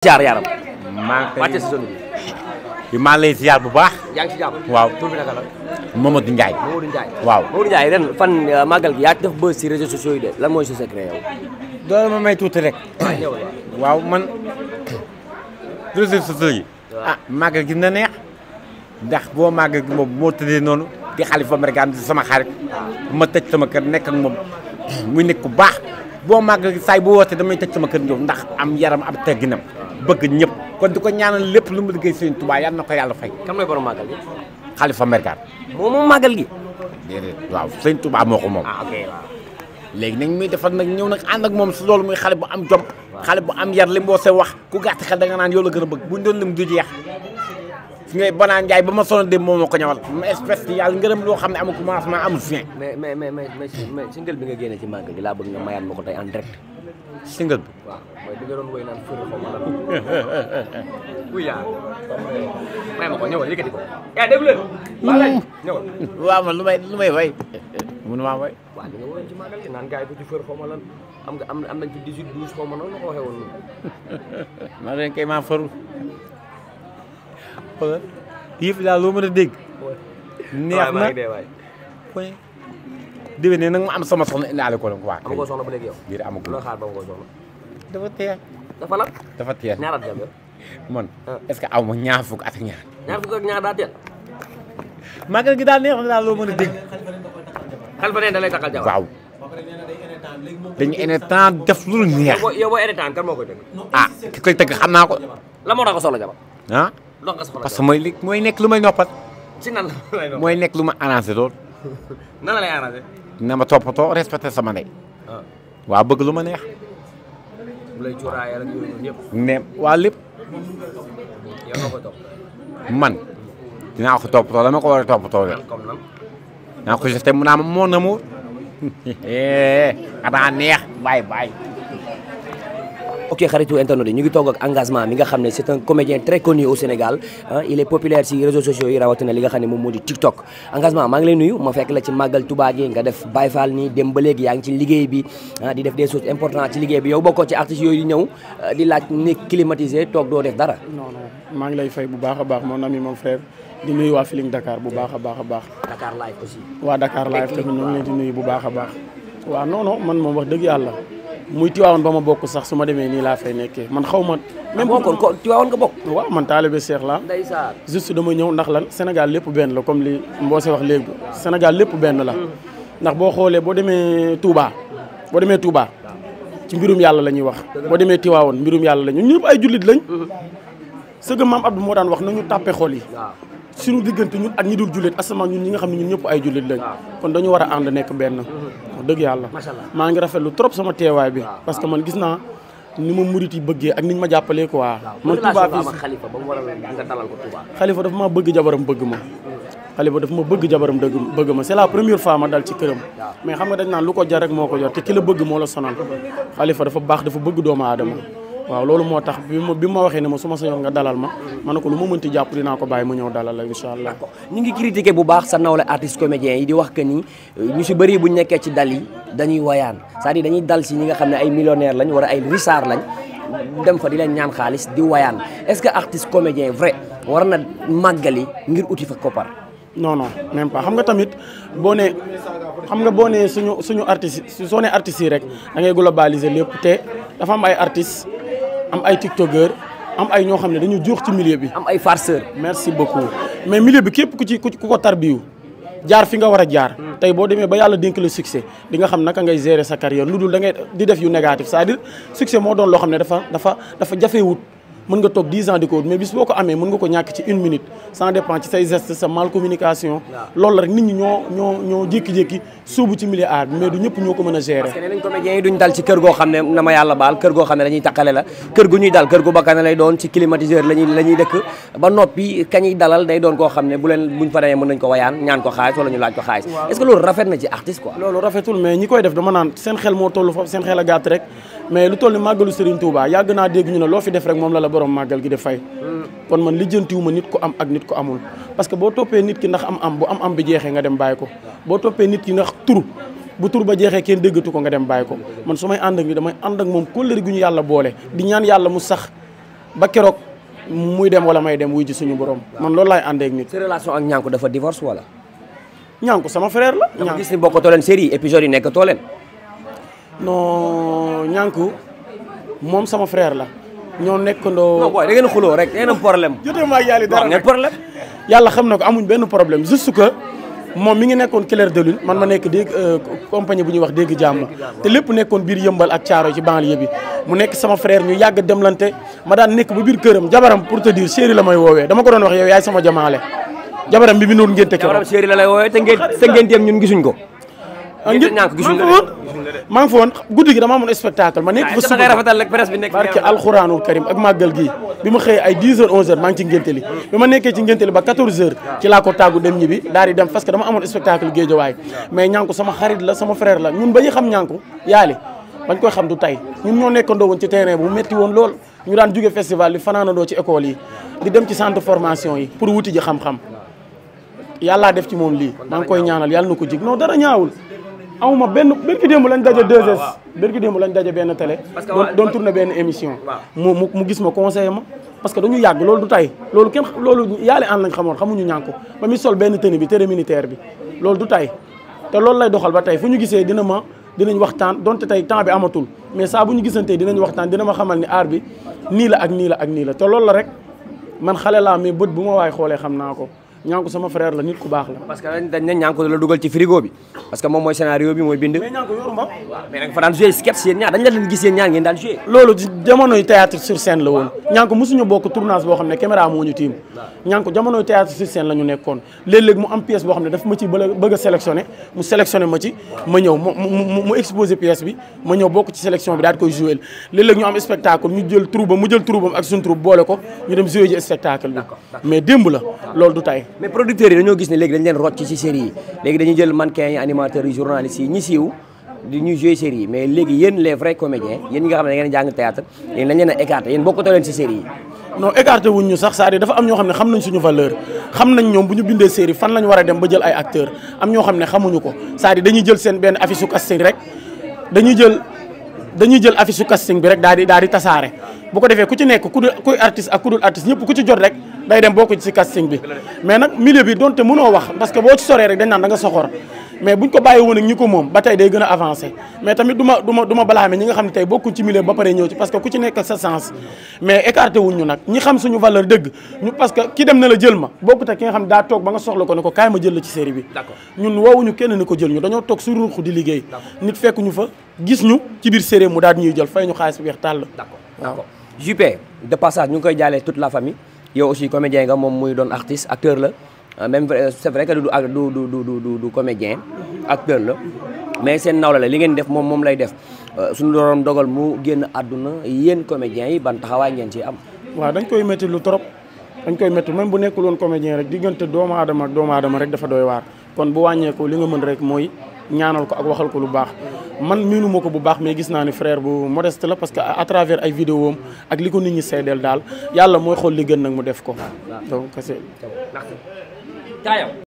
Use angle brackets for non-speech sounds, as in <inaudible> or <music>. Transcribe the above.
jaar yaram wàcce saison bi maa ngi lay ziar bu baax yaa ngi ci waaw tur moo naka la Mamadou Ndiaye waaw Mamadou Ndiaye ren fan euh, màggal yaa def buzz ci réseaux sociaux yi de lan mooy sa ma may tuuti rek waaw man réseaux sociaux yi ah màggal gi na neex ndax boo màggal gi moom moo tëddee noonu di xalifa Mbargane di sama xarit ma tëj sama kër nekk ak moom muy nekk ku baax boo màggal gi saay bu wootee damay tëj sama kër ñëw ndax am yaram ab tegginam bëgg ñëpp kon di ko ñaanal lépp lu mu liggéey sëñ Tuubaa yal na ko yàlla fay. kan mooy borom màggal gi. Xalifa Mergaat. moom moom màggal gi. déedéet waaw sëñ Tuubaa moo ko moom. ah ok waaw. léegi nag muy defar nag ñëw nag moom si loolu muy xale bu am jom. xale bu am yar li mboo see wax ku gàtt xel da nga naan yow la gën a bëgg buñ doon lim du jeex su ngay banaan Ndiaye ba ma sonal dem moom moo ko ñawal ma espèce bi yàlla ngërëm loo xam ne amul commencement amul si ngël bi nga génne ci màggal gi laa bëgg nga mayaat ma ko tey en direct single bi. waaw mooy li nga doon woy naan fure xaw ma lan. kuy <laughs> yaa may ma ko ñëwal yëkkati ko. yaa eh, déglu leen. maa ngi lay ñëwal. waaw man lu may lu may way. mënu maa way. waaw li nga woyoon ci màggal gi naan gars yi ko ci fure xaw ma lan am nga am nañ ci 18 12 xaw ma nan la ko waxee woon nii. <laughs> maa leen kay maa faru. xoolal yëf daal loo mën a dégg. neex na waay waay déwénee nag ma am sama soxna indaale ko donc waa. amagoo soxna ba léegi yow. loo xaar ba amagoo soxna. dafa teel. dafa lan. dafa teel ah. ce que aw ma ñaar fukk at ak ñaar. ñaar fukk daa teel. gi daal neex na daal loo mën a dégg. xalifa ne da lay taxal jabar waaw. dañu ene temps def lu neex. yow boo ene temps kan moo koy tëgg. ah naa ko. la moo tax ko soxla jabar. ah parce que mooy li mooy nekk lu may noppal. ci nan mooy nekk lu ma arrangé lool. <laughs> nan la na ma toppatoo respecté sama ndey. Ah. waa bëgg lu ma neex. bu lay cuuraayal ak yooyu yëpp. ko topp. man dinaa ko toppatoo dama ko war a toppatoo de. Ah, ko gis te mu naa ma mon amour. <laughs> neex bàyyi bàyyi. ok xaritu internet yi ñu ngi toog ak engagement mi nga xam ne c'est un comédien très connu au Sénégal il est populaire ci réseaux sociaux yi rawatina li nga xam ne moom la ci màggal Tuubaa gi nga def Baay Faal liggéey bi di def des choses importantes ci liggéey bi yow euh, dara non maa ngi lay fay bu baax a baax mon ami mon frère di nuyu waa Feeling Dakar bu baax a baax a baax Dakar Live aussi waa Dakar Live tamit ñu ngi a baax man moom wax dëgg yàlla muy Tiwaawoon ba ma bokk sax su ma demee nii laa fay nekkee man xaw ma. même bu ah, kon ko Tiwaawoon nga bokk. waaw man taalibe Cheikh laa. ndeysaan juste dama ñëw ndax lan Sénégal lépp benn la comme li Mbose wax léegi Sénégal lépp benn la. Hmm. ndax boo xoolee boo demee Touba boo demee Touba ci mbirum yàlla la ñuy wax. boo demee Tiwaawoon mbirum yàlla la ñun ñëpp ay jullit lañ. Hmm. sëgg maam Abdou moo daan wax nañu tàppe xool yi. suñu diggante ñun ak ñi dul jullit asamaan ñun ñi nga xam ne ñun ñëpp ay jullit lañ. kon dañu war a ànd nekk benn hmm. dëgg yàlla maa ngi rafetlu trop sama teewaay bi parce que man gis naa ni ma murit bëggee ak ni ma jàppalee quoi man Touba bi xalifa ko Touba xalifa dafa ma bëgg jabaram bëgg ma xalifa dafa ma bëgg jabaram dëgg bëgg ma c'est la première fois ma dal ci këram mais xam nga dañ naan lu ko jar rek moo ko yor te ki la bëgg moo la sonal xalifa dafa baax dafa bëgg doomu aadama waaw loolu moo tax bi ma ma waxee ne ma su ma sañoon nga dalal ma ma ne ko lu ma mënti jàpp dinaa ko bàyyi mu ñëw dalal la incha allah ñu ngi critiqué bu baax sa nawle artiste comédien yi di wax que ni euh, ñu si bëri buñ nekkee ci dal yi dañuy wayaan cest à dañuy dal si ñi nga xam ne ay millionnaire lañ war ay richard lañ dem fa di leen ñaan xaalis di wayaan est-ce que artiste comédien vrai war na màggali ngir uti fa koppar non non même pas xam nga tamit boo nee xam nga boo nee suñu suñu artiste soo nee artistes rek da ngay globaliser lépp te dafa am ay artistes am ay tiktokeur am ay ñoo xam ne dañu juux ci milieu bi. am ay farceur. merci beaucoup mais milieu bi képp ku ci ku ko tarbiyu jaar fi nga war a jaar. tey boo demee ba yàlla dénk la succès di nga xam naka ngay gérer sa carrière lu dul da ngay di def yu négatif cest à succès moo doon loo xam ne dafa dafa dafa jafewut. mën nga toog di ko wut mais bis boo ko amee mën nga ko ñàkk ci une minute sans dépend ci say geste sa mal communication loolu la rek nit ñi ñoo ñoo jékki-jékki suubu ci milieu art mais du ñëpp ñoo ko mën a gérer parce que nañ xam ne na ma yàlla baal ne dañuy taqale la kër gu ñuy dal kër gu bakkane lay doon ci climatiseur lañuy la ñuy dëkk ba noppi kañuy dalal day doon koo xam ne bu leen buñ fa demee mën nañ ko wayaan ñaan ko xaalis wala ñu laaj ko xaalis est-ce que loolu rafet na ci artiste quoi loolu rafetul mais ñi koy def dama naan seen xel moo tollu foofu seen mais lu toll ni màggalu Serigne Touba yàgg naa dégg ñu ne loo fi def rek moom la la borom màggal gi def fay. kon man lijjantiwu ma nit ko am ak nit ko amul. parce que boo toppee nit ki ndax am-am bu am-am bi jeexee nga dem bàyyi ko boo toppee nit ki ndax tur bu tur ba jeexee kenn déggatu ko nga dem bàyyi ko man su may ànd ak damay ànd ak moom kóllëre gu ñu yàlla boole di ñaan yàlla mu sax ba keroog muy dem wala may dem wuy ji suñu borom. man loolu laay àndee ak relation ak Niankou dafa divorce wala. Niankou sama frère la. Niankou gis ni bokkatoo leen série épisode yi nekkatoo leen non ñànku moom sama frère la. ñoo nekkandoo non booy da ngeen xuloo rek da ngeen am problème. jotee maa yàlla dara ngeen xam na ko amuñ benn problème juste que moom mi ngi nekkoon clair de man ma nekk dégg euh, compagnie bu ñuy wax dégg jàmm te lépp nekkoon biir yëmbal ak caaro ci banlieue bi mu nekk sama frère ñu yàgg demlante ma daan nekk ba biir këram jabaram pour te dire chéri la may woowee dama ko doon wax yow yaay sama jamaale jabaram bi bi noonu ngeen. te jabaram chéri la lay woowee te ngeen te ñun gisuñ ko. ah njëkk naa ko gisuñ la de maa ngi fa woon guddi gi dama amoon spectacle ma nekk ah, fa suba bi ma xëyee ay 10 heures 11 heures maa ngi ci ngénte li bi ma nekkee ci ngénte li ba 14 heures ci laa ko tàggu dem ñibi daal di dem parce que dama amoon spectacle géejawaay mais ñànku sama xarit la sama frère la ñun ba ñu xam ñànku yaali bañ koy xam du tey ñun ñoo nekkandoo woon ci terrain bu metti woon lool ñu daan jóge festival bi fanaanandoo ci école yi di dem ci centre formation yi pour wuti ji xam-xam yàllaa def ci moom lii maa ngi koy ñaanal yàlla na ko jig non dara ñaawul amuma benn bërki démb lañ daje 2S bërki démb lañ daje benn télé doon tourné benn émission mu mu gis ma conseillé ma parce que dañu yàgg loolu du tay loolu kenn loolu yaale an lañ xamoon xamuñu ñànk ko ba muy sol benn tenue bi tere militaire bi loolu du tay te loolu lay doxal ba tey fu ñu gisee dina ma dinañ waxtaan donte tey temps bi amatul mais saa bu ñu gisantee dinañ waxtaan dina ma xamal ni aar bi nii la ak nii la ak nii la te loolu la rek man xale laa mais bët bu ma waay xoolee xam naa ko ñaanku sama frère la nit ku baax la. parce que dañ ne ñaanku la dugal ci frigo bi moom mooy scénario bi mooy bind. leen gis yéen ñaar ngeen daan joué. loolu jamonoy théâtre sur scène la woon ñaanku mosuñu bokk tournage boo xam ne caméra moo ñu tiim. ñaanku jamonoy théâtre sur scène la nekkoon léeg-léeg mu am pièce boo xam ne daf ma ci bëgg a sélectionné mu sélectionné ma ci ma ñëw mu mu exposé pièce bi ma ñëw bokk ci sélection bi daal koy joué léeg-léeg ñu am spectacle ñu jël troupe mu jël troupe ak suñu troupe boole ko ñu dem joué mais démb la loolu tay mais producteurs yi dañoo gis ne léegi dañ leen rocc ci série yi jël man yi animateurs yi journalistes yi ñi siiw di ñuy jouer série yi mais léegi yéen les vrais comédiens yéen ñi nga xam ne da ngeen jàng théâtre yéen lañ leen a écarté yéen bokkatoo leen ci série yi non écarté wuñ ñu sax cest à dafa am ñoo xam ne xam nañ suñu valeur xam nañ ñoom ñu bindee série fan lañ war a dem ba jël ay acteur ñoo xam ne xamuñu ko cest à dañuy jël seen benn affiche su casting rek dañuy jël dañuy jël affiche su bi rek daal di daal di tasaare bu ko defee ku ci nekk ku dul kuy artiste ak ku dul artiste ñëpp ku ci jot rek day dem bokk ci casting bi mais nag milieu bi donte mënoo wax parce boo ci soree rek dañ naan da nga soxor mais buñ ko bàyyi woon ak ñi ko moom ba tey day gën a avancé mais tamit du ma du ma du ma ñi nga xam ne tey bokkuñ ci milieu ba pare ñëw ci parce que ku ci nekk ak sa sens mais écarté nag ñi xam suñu valeur dëgg ñu parce que ki dem na la jël ma bokkut ak ki nga xam ne daa toog ba nga soxla ko ne ko kaay ma jël la ci série bi ñun woowuñu kenn ni ko jël ñu dañoo toog su ruuxu di ñuy jël fay ñu xaalis bi weex tàll waaw JP de passage ñu ngi koy jaalee tout la famille yow aussi comédien nga moom muy doon artiste acteur la euh, même euh, c'est vrai que du du du du du comédien acteur la mais seen nawla la li ngeen def moom moom lay def euh, suñu doon dogal mu génn àdduna yéen comédiens yi ban taxawaay ngeen ci am. waaw dañ koy métti lu trop dañ koy métti même bu nekkul woon comédien rek diggante doomu aadama ak doomu aadama rek dafa doy waar kon bu wàññeeku li nga mën rek mooy ñaanal ko ak waxal ko lu baax. man miinuma ko bu baax mais gis naa ni frère bu modeste la parce que à travers ay vidéo am ak li ko nit ñi seedeel daal yàlla mooy xool li gën nag mu def ko donc kese